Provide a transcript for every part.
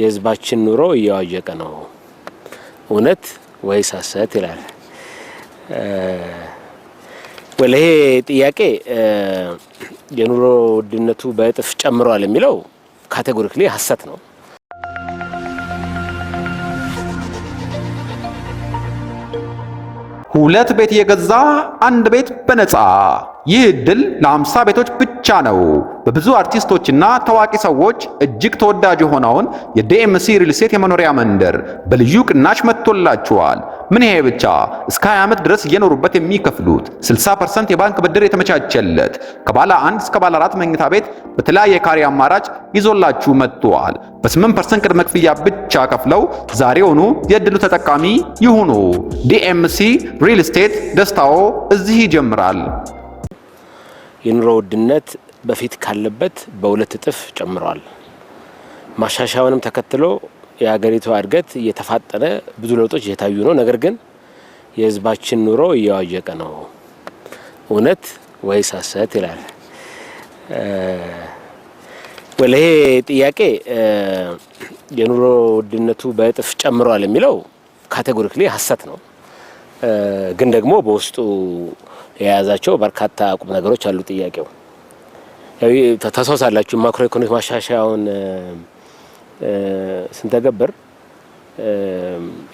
የህዝባችን ኑሮ እየዋዠቀ ነው። እውነት ወይስ ሐሰት ይላል። ወለሄ ጥያቄ የኑሮ ውድነቱ በእጥፍ ጨምሯል የሚለው ካቴጎሪክሊ ሐሰት ነው። ሁለት ቤት የገዛ አንድ ቤት በነፃ ይህ እድል ለ50 ቤቶች ብቻ ነው። በብዙ አርቲስቶችና ታዋቂ ሰዎች እጅግ ተወዳጅ የሆነውን የዲኤምሲ ሪልስቴት የመኖሪያ መንደር በልዩ ቅናሽ መጥቶላችኋል። ምን ይሄ ብቻ! እስከ 20 ዓመት ድረስ እየኖሩበት የሚከፍሉት 60% የባንክ ብድር የተመቻቸለት ከባለ አንድ እስከ ባለ አራት መኝታ ቤት በተለያየ ካሬ አማራጭ ይዞላችሁ መጥቷል። በ8% ቅድመ ክፍያ ብቻ ከፍለው ዛሬውኑ የእድሉ ተጠቃሚ ይሁኑ። ዲኤምሲ ሪል ስቴት ደስታዎ እዚህ ይጀምራል። የኑሮ ውድነት በፊት ካለበት በሁለት እጥፍ ጨምረዋል። ማሻሻያውንም ተከትሎ የሀገሪቷ እድገት እየተፋጠነ ብዙ ለውጦች እየታዩ ነው። ነገር ግን የህዝባችን ኑሮ እየዋዠቀ ነው። እውነት ወይስ ሐሰት ይላል። ወለሄ ጥያቄ የኑሮ ውድነቱ በእጥፍ ጨምሯል የሚለው ካቴጎሪክሊ ሐሰት ነው። ግን ደግሞ በውስጡ የያዛቸው በርካታ ቁም ነገሮች አሉ ጥያቄው ተሳውሳላችሁ ማክሮ ኢኮኖሚ ማሻሻያውን ስንተገብር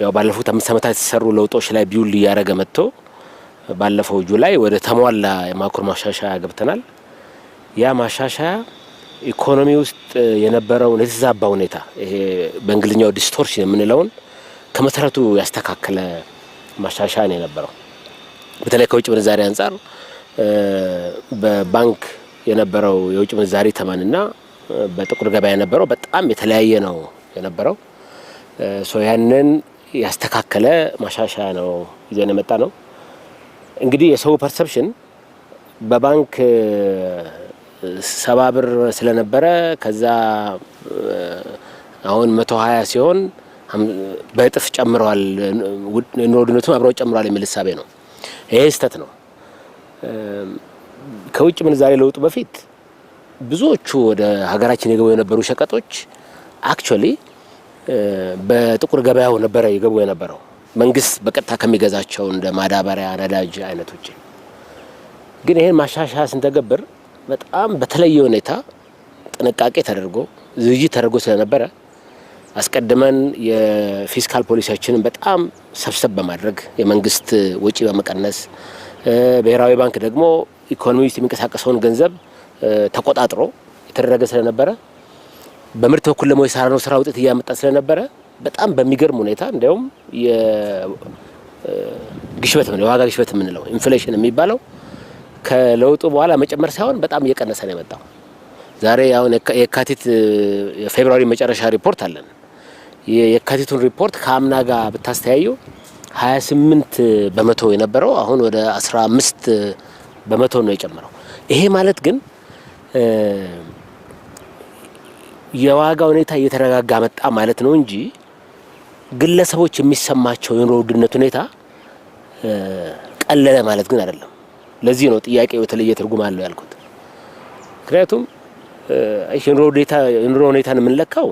ያው ባለፉት አምስት ዓመታት የተሰሩ ለውጦች ላይ ቢውል እያደረገ መጥቶ ባለፈው ጁላይ ወደ ተሟላ የማክሮ ማሻሻያ ገብተናል። ያ ማሻሻያ ኢኮኖሚ ውስጥ የነበረውን የተዛባ ሁኔታ ይሄ በእንግሊዝኛው ዲስቶርሽን የምንለውን ከመሰረቱ ያስተካከለ ማሻሻያ ነው የነበረው። በተለይ ከውጭ ምንዛሪ አንጻር በባንክ የነበረው የውጭ ምንዛሪ ተመንና በጥቁር ገበያ የነበረው በጣም የተለያየ ነው የነበረው። ያንን ያስተካከለ ማሻሻያ ነው ይዘን የመጣ ነው። እንግዲህ የሰው ፐርሰፕሽን በባንክ ሰባ ብር ስለነበረ ከዛ አሁን መቶ ሀያ ሲሆን በእጥፍ ጨምረዋል፣ ኑሮ ውድነቱም አብረው ጨምረዋል የሚል እሳቤ ነው። ይሄ ስህተት ነው። ከውጭ ምንዛሬ ለውጡ በፊት ብዙዎቹ ወደ ሀገራችን የገቡ የነበሩ ሸቀጦች አክቹዋሊ በጥቁር ገበያው ነበረ የገቡ የነበረው መንግስት በቀጥታ ከሚገዛቸው እንደ ማዳበሪያ፣ ነዳጅ አይነቶች። ግን ይህን ማሻሻያ ስንተገብር በጣም በተለየ ሁኔታ ጥንቃቄ ተደርጎ ዝግጅት ተደርጎ ስለነበረ አስቀድመን የፊስካል ፖሊሲያችንን በጣም ሰብሰብ በማድረግ የመንግስት ወጪ በመቀነስ ብሔራዊ ባንክ ደግሞ ኢኮኖሚ ውስጥ የሚንቀሳቀሰውን ገንዘብ ተቆጣጥሮ የተደረገ ስለነበረ በምርት በኩል ደግሞ የሰራነው ስራ ውጤት እያመጣ ስለነበረ በጣም በሚገርም ሁኔታ እንዲያውም ግሽበት የዋጋ ግሽበት የምንለው ኢንፍሌሽን የሚባለው ከለውጡ በኋላ መጨመር ሳይሆን በጣም እየቀነሰ ነው የመጣው። ዛሬ አሁን የካቲት የፌብሩዋሪ መጨረሻ ሪፖርት አለን። የካቲቱን ሪፖርት ከአምና ጋር ብታስተያየው 28 በመቶ የነበረው አሁን ወደ 15 በመቶ ነው የጨመረው። ይሄ ማለት ግን የዋጋ ሁኔታ እየተረጋጋ መጣ ማለት ነው እንጂ ግለሰቦች የሚሰማቸው የኑሮ ውድነት ሁኔታ ቀለለ ማለት ግን አይደለም። ለዚህ ነው ጥያቄው የተለየ ትርጉም አለው ያልኩት። ምክንያቱም የኑሮ ሁኔታን የምንለካው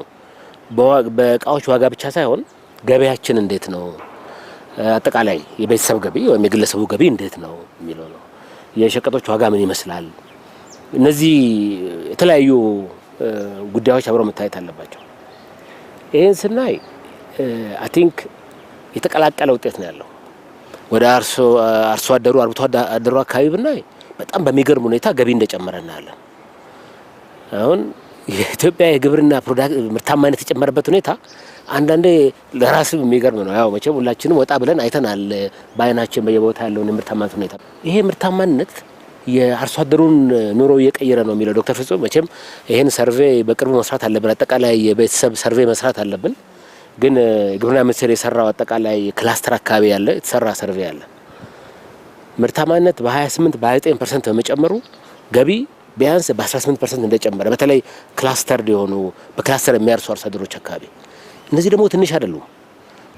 በእቃዎች ዋጋ ብቻ ሳይሆን ገበያችን እንዴት ነው፣ አጠቃላይ የቤተሰብ ገቢ ወይም የግለሰቡ ገቢ እንዴት ነው የሚለው ነው። የሸቀጦች ዋጋ ምን ይመስላል? እነዚህ የተለያዩ ጉዳዮች አብረው መታየት አለባቸው። ይህን ስናይ አይ ቲንክ የተቀላቀለ ውጤት ነው ያለው። ወደ አርሶ አደሩ አርብቶ አደሩ አካባቢ ብናይ በጣም በሚገርም ሁኔታ ገቢ እንደጨመረ እናያለን አሁን የኢትዮጵያ የግብርና ምርታማነት የጨመረበት ሁኔታ አንዳንዴ ለራስ የሚገርም ነው። ያው መቼም ሁላችንም ወጣ ብለን አይተናል በአይናችን በየቦታ ያለውን የምርታማነት ሁኔታ። ይሄ ምርታማነት የአርሶ አደሩን ኑሮ እየቀየረ ነው የሚለው ዶክተር ፍጹም መቼም ይህን ሰርቬ በቅርቡ መስራት አለብን። አጠቃላይ የቤተሰብ ሰርቬ መስራት አለብን። ግን ግብርና ሚኒስቴር የሰራው አጠቃላይ ክላስተር አካባቢ ያለ የተሰራ ሰርቬ አለ ምርታማነት በ28 በ29 ፐርሰንት በመጨመሩ ገቢ ቢያንስ በ18 ፐርሰንት እንደጨመረ በተለይ ክላስተር የሆኑ በክላስተር የሚያርሱ አርሶ አደሮች አካባቢ እነዚህ ደግሞ ትንሽ አይደሉም።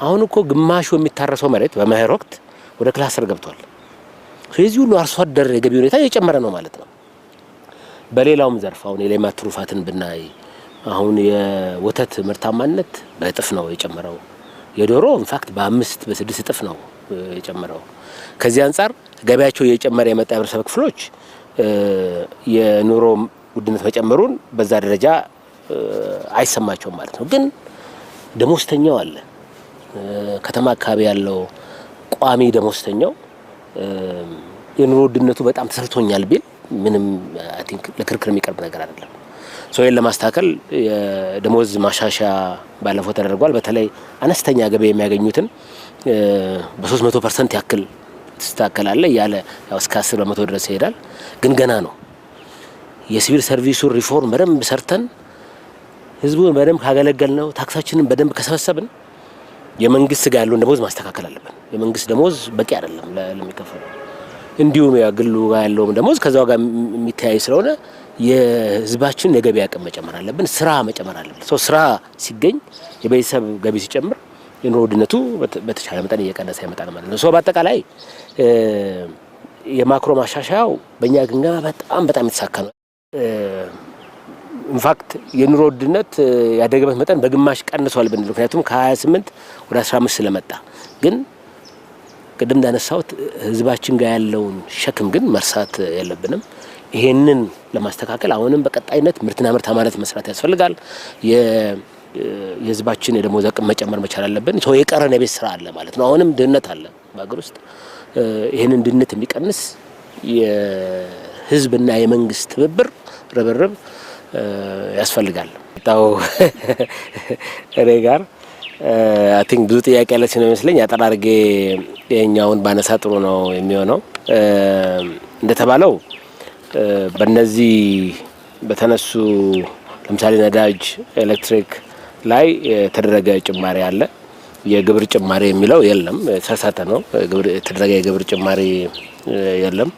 አሁን እኮ ግማሹ የሚታረሰው መሬት በመኸር ወቅት ወደ ክላስተር ገብቷል። ስለዚህ ሁሉ አርሶ አደር የገቢ ሁኔታ እየጨመረ ነው ማለት ነው። በሌላውም ዘርፍ አሁን የሌማት ትሩፋትን ብናይ አሁን የወተት ምርታማነት በእጥፍ ነው የጨመረው። የዶሮ ኢንፋክት በአምስት በስድስት እጥፍ ነው የጨመረው። ከዚህ አንጻር ገበያቸው እየጨመረ የመጣ የህብረተሰብ ክፍሎች የኑሮ ውድነት መጨመሩን በዛ ደረጃ አይሰማቸውም ማለት ነው። ግን ደሞዝተኛው አለ። ከተማ አካባቢ ያለው ቋሚ ደሞዝተኛው የኑሮ ውድነቱ በጣም ተሰልቶኛል ቢል ምንም አይ ቲንክ ለክርክር የሚቀርብ ነገር አይደለም። ይህን ለማስተካከል የደሞዝ ማሻሻያ ባለፈው ተደርጓል። በተለይ አነስተኛ ገቢ የሚያገኙትን በ300 ፐርሰንት ያክል ትስተካከላለ እያለ እስከ 10 በመቶ ድረስ ይሄዳል። ግን ገና ነው። የሲቪል ሰርቪሱ ሪፎርም በደንብ ሰርተን ህዝቡን በደንብ ካገለገል ነው ታክሳችንን በደንብ ከሰበሰብን የመንግስት ጋር ያለውን ደሞዝ ማስተካከል አለብን። የመንግስት ደሞዝ በቂ አይደለም ለሚከፈሉ እንዲሁም ግሉ ጋር ያለውም ደሞዝ ከዛው ጋር የሚተያይ ስለሆነ የህዝባችንን የገቢ አቅም መጨመር አለብን። ስራ መጨመር አለብን። ሰው ስራ ሲገኝ የቤተሰብ ገቢ ሲጨምር የኑሮ ውድነቱ በተቻለ መጠን እየቀነሰ ይመጣል ማለት ነው። ሰው በአጠቃላይ የማክሮ ማሻሻያው በእኛ ግምገማ በጣም በጣም የተሳካ ነው። ኢንፋክት የኑሮ ውድነት ያደገበት መጠን በግማሽ ቀንሷል ብንል፣ ምክንያቱም ከ28 ወደ 15 ስለመጣ። ግን ቅድም እንዳነሳሁት ህዝባችን ጋር ያለውን ሸክም ግን መርሳት የለብንም። ይሄንን ለማስተካከል አሁንም በቀጣይነት ምርትና ምርታማነት መስራት ያስፈልጋል። የህዝባችን የደሞዝ አቅም መጨመር መቻል አለብን። ሰው የቀረን የቤት ስራ አለ ማለት ነው። አሁንም ድህነት አለ በሀገር ውስጥ ይህንን ድህነት የሚቀንስ የህዝብና የመንግስት ትብብር ርብርብ ያስፈልጋል። ጣው እኔ ጋር አይ ቲንክ ብዙ ጥያቄ ያለች ነው ይመስለኝ። አጠራርጌ አድርጌ ባነሳ ጥሩ ነው የሚሆነው። እንደተባለው በነዚህ በተነሱ ለምሳሌ ነዳጅ፣ ኤሌክትሪክ ላይ የተደረገ ጭማሪ አለ። የግብር ጭማሪ የሚለው የለም፣ የተሳሳተ ነው። የተደረገ የግብር ጭማሪ የለም።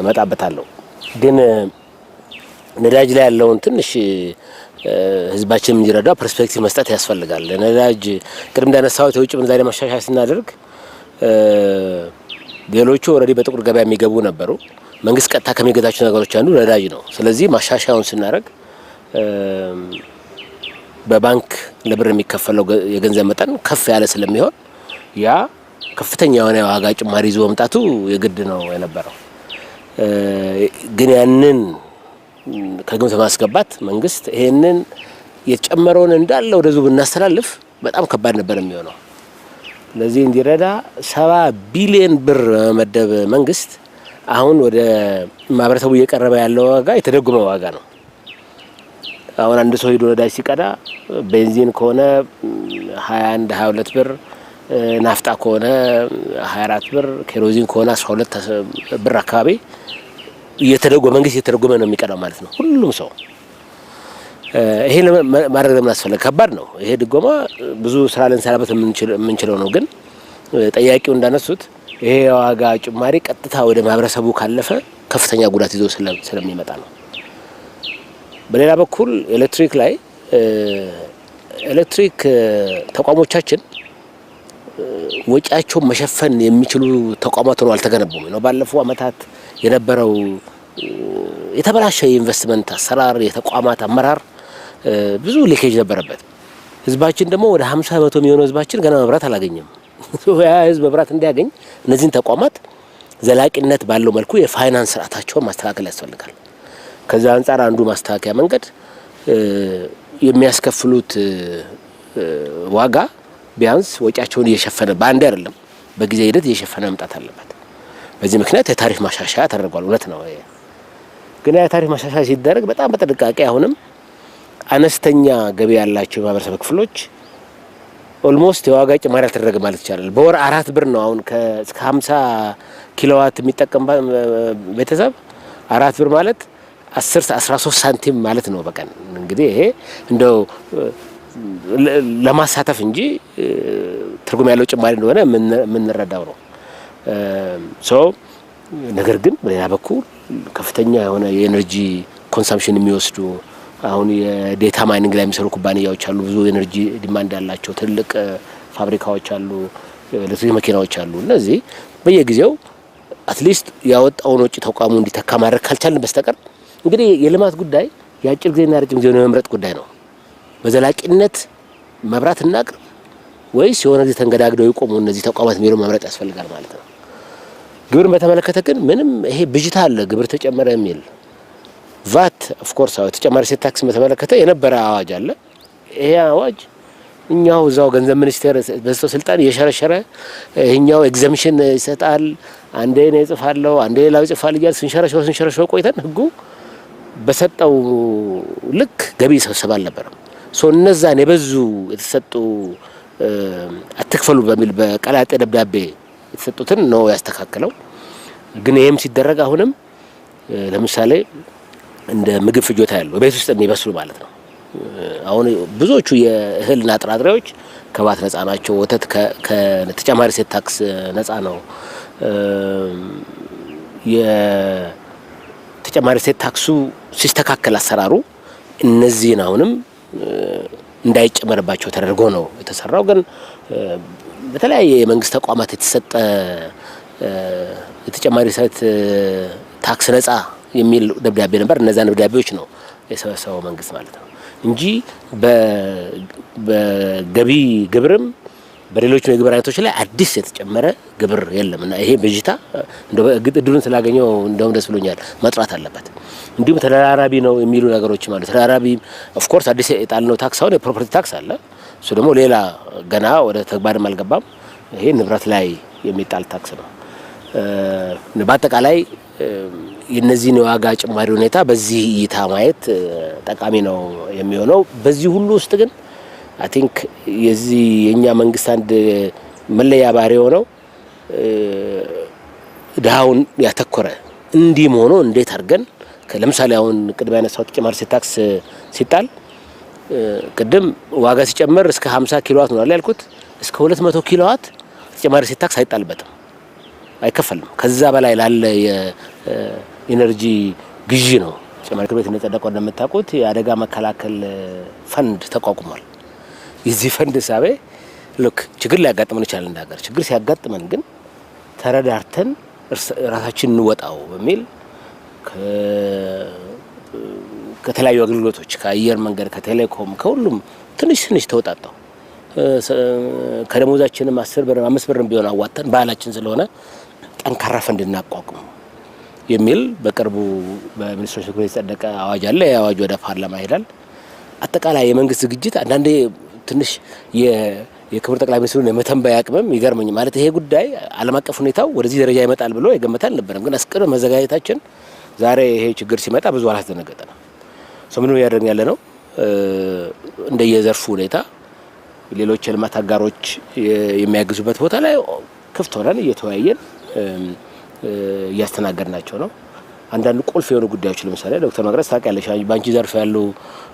እመጣበታለሁ። ግን ነዳጅ ላይ ያለውን ትንሽ ህዝባችን የሚረዳ ፐርስፔክቲቭ መስጠት ያስፈልጋል። ነዳጅ ቅድም እንዳነሳሁት የውጭ ምንዛሬ ማሻሻያ ስናደርግ ሌሎቹ ኦልሬዲ በጥቁር ገበያ የሚገቡ ነበሩ። መንግስት ቀጥታ ከሚገዛቸው ነገሮች አንዱ ነዳጅ ነው። ስለዚህ ማሻሻያውን ስናደርግ በባንክ ለብር የሚከፈለው የገንዘብ መጠን ከፍ ያለ ስለሚሆን ያ ከፍተኛ የሆነ የዋጋ ጭማሪ ይዞ መምጣቱ የግድ ነው የነበረው። ግን ያንን ከግምት በማስገባት መንግስት ይሄንን የተጨመረውን እንዳለ ወደ ብናስተላልፍ በጣም ከባድ ነበር የሚሆነው። ለዚህ እንዲረዳ ሰባ ቢሊዮን ብር በመመደብ መንግስት አሁን ወደ ማህበረሰቡ እየቀረበ ያለው ዋጋ የተደጎመ ዋጋ ነው። አሁን አንድ ሰው ሄዶ ነዳጅ ሲቀዳ ቤንዚን ከሆነ 21 22 ብር፣ ናፍጣ ከሆነ 24 ብር፣ ኬሮዚን ከሆነ 12 ብር አካባቢ እየተደጎ መንግስት እየተደጎመ ነው የሚቀዳው ማለት ነው ሁሉም ሰው። ይሄ ማድረግ ለምን አስፈለገ? ከባድ ነው ይሄ ድጎማ። ብዙ ስራ ልንሰራበት የምንችለው ነው፣ ግን ጠያቂው እንዳነሱት ይሄ የዋጋ ጭማሪ ቀጥታ ወደ ማህበረሰቡ ካለፈ ከፍተኛ ጉዳት ይዞ ስለሚመጣ ነው። በሌላ በኩል ኤሌክትሪክ ላይ ኤሌክትሪክ ተቋሞቻችን ወጪያቸውን መሸፈን የሚችሉ ተቋማት ሆነው አልተገነቡም ነው። ባለፈው ዓመታት የነበረው የተበላሸ የኢንቨስትመንት አሰራር፣ የተቋማት አመራር ብዙ ሊኬጅ ነበረበት። ህዝባችን ደግሞ ወደ 50 በመቶ የሚሆነው ህዝባችን ገና መብራት አላገኘም። ያ ህዝብ መብራት እንዲያገኝ እነዚህን ተቋማት ዘላቂነት ባለው መልኩ የፋይናንስ ስርዓታቸውን ማስተካከል ያስፈልጋል። ከዛ አንጻር አንዱ ማስተካከያ መንገድ የሚያስከፍሉት ዋጋ ቢያንስ ወጪያቸውን እየሸፈነ በአንድ አይደለም፣ በጊዜ ሂደት እየሸፈነ መምጣት አለበት። በዚህ ምክንያት የታሪፍ ማሻሻያ ተደርጓል። እውነት ነው። ግን የታሪፍ ማሻሻያ ሲደረግ በጣም በጥንቃቄ አሁንም አነስተኛ ገቢ ያላቸው የማህበረሰብ ክፍሎች ኦልሞስት የዋጋ ጭማሪ አልተደረገ ማለት ይቻላል። በወር አራት ብር ነው አሁን እስከ 50 ኪሎዋት የሚጠቀም ቤተሰብ አራት ብር ማለት አስር አስራ ሶስት ሳንቲም ማለት ነው በቀን እንግዲህ ይሄ እንደው ለማሳተፍ እንጂ ትርጉም ያለው ጭማሪ እንደሆነ የምንረዳው ነው። ነገር ግን በሌላ በኩል ከፍተኛ የሆነ የኤነርጂ ኮንሳምፕሽን የሚወስዱ አሁን የዴታ ማይኒንግ ላይ የሚሰሩ ኩባንያዎች አሉ። ብዙ ኤነርጂ ዲማንድ ያላቸው ትልቅ ፋብሪካዎች አሉ፣ ኤሌክትሪክ መኪናዎች አሉ። እነዚህ በየጊዜው አትሊስት ያወጣውን ወጪ ተቋሙ እንዲተካ ማድረግ ካልቻልን በስተቀር እንግዲህ የልማት ጉዳይ የአጭር ጊዜና ረጅም ጊዜ የመምረጥ ጉዳይ ነው። በዘላቂነት መብራት እናቅርብ ወይስ የሆነ ጊዜ ተንገዳግደው የቆሙ እነዚህ ተቋማት የሚለው መምረጥ ያስፈልጋል ማለት ነው። ግብርን በተመለከተ ግን ምንም ይሄ ብዥታ አለ፣ ግብር ተጨመረ የሚል ቫት ኦፍኮርስ ተጨማሪ እሴት ታክስ በተመለከተ የነበረ አዋጅ አለ። ይሄ አዋጅ እኛው እዛው ገንዘብ ሚኒስቴር በስተው ስልጣን እየሸረሸረ ይህኛው ኤግዘምሽን ይሰጣል፣ አንዴ ነው ይጽፋለሁ፣ አንዴ ሌላው ይጽፋል እያል ስንሸረሸው ስንሸረሸው ቆይተን ህጉ በሰጠው ልክ ገቢ ይሰብሰብ አልነበረም። እነዛን የበዙ የተሰጡ አትክፈሉ በሚል በቀላጤ ደብዳቤ የተሰጡትን ነው ያስተካከለው። ግን ይህም ሲደረግ አሁንም ለምሳሌ እንደ ምግብ ፍጆታ ያሉ ቤት ውስጥ የሚበስሉ ማለት ነው። አሁን ብዙዎቹ የእህልና ጥራጥሬዎች ከባት ነጻ ናቸው። ወተት ከተጨማሪ ሴት ታክስ ነጻ ነው። ተጨማሪ እሴት ታክሱ ሲስተካከል አሰራሩ እነዚህን አሁንም እንዳይጨመርባቸው ተደርጎ ነው የተሰራው። ግን በተለያየ የመንግስት ተቋማት የተሰጠ የተጨማሪ እሴት ታክስ ነጻ የሚል ደብዳቤ ነበር። እነዛን ደብዳቤዎች ነው የሰበሰበው መንግስት ማለት ነው እንጂ በገቢ ግብርም በሌሎች የግብር አይነቶች ላይ አዲስ የተጨመረ ግብር የለም እና ይሄ በጅታ እግጥ እድሉን ስላገኘው እንደውም ደስ ብሎኛል መጥራት አለበት። እንዲሁም ተደራራቢ ነው የሚሉ ነገሮች አሉ። ተደራራቢ ኦፍኮርስ አዲስ የጣልነው ታክስ አሁን የፕሮፐርቲ ታክስ አለ። እሱ ደግሞ ሌላ ገና ወደ ተግባርም አልገባም። ይሄ ንብረት ላይ የሚጣል ታክስ ነው። በአጠቃላይ የነዚህን የዋጋ ጭማሪ ሁኔታ በዚህ እይታ ማየት ጠቃሚ ነው የሚሆነው በዚህ ሁሉ ውስጥ ግን አይ ቲንክ የዚህ የእኛ መንግስት አንድ መለያ ባህሪ የሆነው ድሃውን ያተኮረ እንዲህም ሆኖ እንዴት አድርገን ለምሳሌ አሁን ቅድም ያነሳው ተጨማሪ ሲታክስ ሲጣል ቅድም ዋጋ ሲጨመር እስከ 50 ኪሎዋት ነው ያልኩት። እስከ 200 ኪሎዋት ተጨማሪ ሲታክስ አይጣልበትም፣ አይከፈልም። ከዛ በላይ ላለ የኤነርጂ ግዢ ነው። ተጨማሪ ክብረት ታክስ እንደጸደቀው እንደምታውቁት የአደጋ መከላከል ፈንድ ተቋቁሟል። የዚህ ፈንድ ሳቤ ልክ ችግር ሊያጋጥመን ይችላል። እንደ ሀገር ችግር ሲያጋጥመን ግን ተረዳርተን ራሳችን እንወጣው በሚል ከተለያዩ አገልግሎቶች ከአየር መንገድ፣ ከቴሌኮም፣ ከሁሉም ትንሽ ትንሽ ተወጣጣው ከደሞዛችንም አስር ብር አምስት ብር ቢሆን አዋጣን ባህላችን ስለሆነ ጠንካራ ፈንድ እናቋቁም የሚል በቅርቡ በሚኒስትሮች ምክር ቤት የጸደቀ አዋጅ አለ። የአዋጅ ወደ ፓርላማ ይሄዳል። አጠቃላይ የመንግስት ዝግጅት አንዳንዴ ትንሽ የክብር ጠቅላይ ሚኒስትሩን የመተንበይ አቅምም ይገርመኝ ማለት ይሄ ጉዳይ ዓለም አቀፍ ሁኔታው ወደዚህ ደረጃ ይመጣል ብሎ የገመተ አልነበረም። ግን አስቀድሞ መዘጋጀታችን ዛሬ ይሄ ችግር ሲመጣ ብዙ አላስደነገጠ ነው። ሰው ምንም እያደረግን ያለ ነው እንደየዘርፉ ሁኔታ ሌሎች የልማት አጋሮች የሚያግዙበት ቦታ ላይ ክፍት ሆነን እየተወያየን እያስተናገድ ናቸው ነው። አንዳንድ ቁልፍ የሆኑ ጉዳዮች ለምሳሌ ዶክተር መቅረጽ ታውቂያለሽ፣ በአንቺ ዘርፍ ያሉ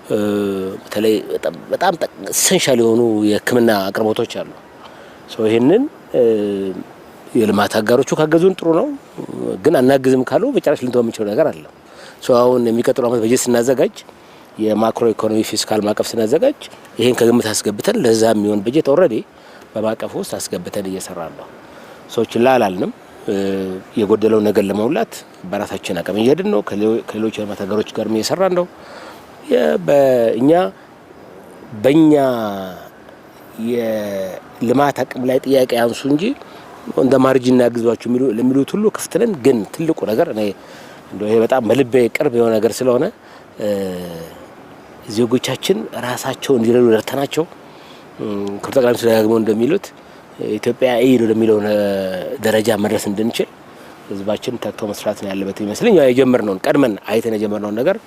በተለይ በጣም ኢሰንሻል የሆኑ የሕክምና አቅርቦቶች አሉ። ይህንን የልማት አጋሮቹ ካገዙን ጥሩ ነው፣ ግን አናግዝም ካሉ በጭራሽ ልንተው የምንችለው ነገር አለ። አሁን የሚቀጥሉ ዓመት በጀት ስናዘጋጅ የማክሮ ኢኮኖሚ ፊስካል ማቀፍ ስናዘጋጅ ይህን ከግምት አስገብተን ለዛ የሚሆን በጀት ኦልሬዲ በማቀፍ ውስጥ አስገብተን እየሰራ ነው። ሰዎች ችላ አላልንም። የጎደለው ነገር ለመውላት በራሳችን አቅም እየሄድን ነው። ከሌሎች የልማት አጋሮች ጋር እየሰራን ነው። እኛ በእኛ የልማት አቅም ላይ ጥያቄ ያንሱ እንጂ እንደ ማርጅን እናግዟቸው ለሚሉት ሁሉ ክፍት ነን። ግን ትልቁ ነገር እኔ እንደው ይሄ በጣም በልቤ ቅርብ የሆነ ነገር ስለሆነ ዜጎቻችን ራሳቸው እንዲረዱ ደርተናቸው ክብር ጠቅላይ ሚኒስትሩ ደጋግመው እንደሚሉት ኢትዮጵያ ኢ ወደሚለው ደረጃ መድረስ እንድንችል ህዝባችን ተግቶ መስራት ነው ያለበት ይመስለኝ። የጀመርነውን ቀድመን አይተን የጀመርነውን ነገር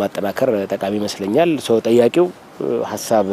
ማጠናከር ጠቃሚ ይመስለኛል። ሰው ጠያቂው ሀሳብ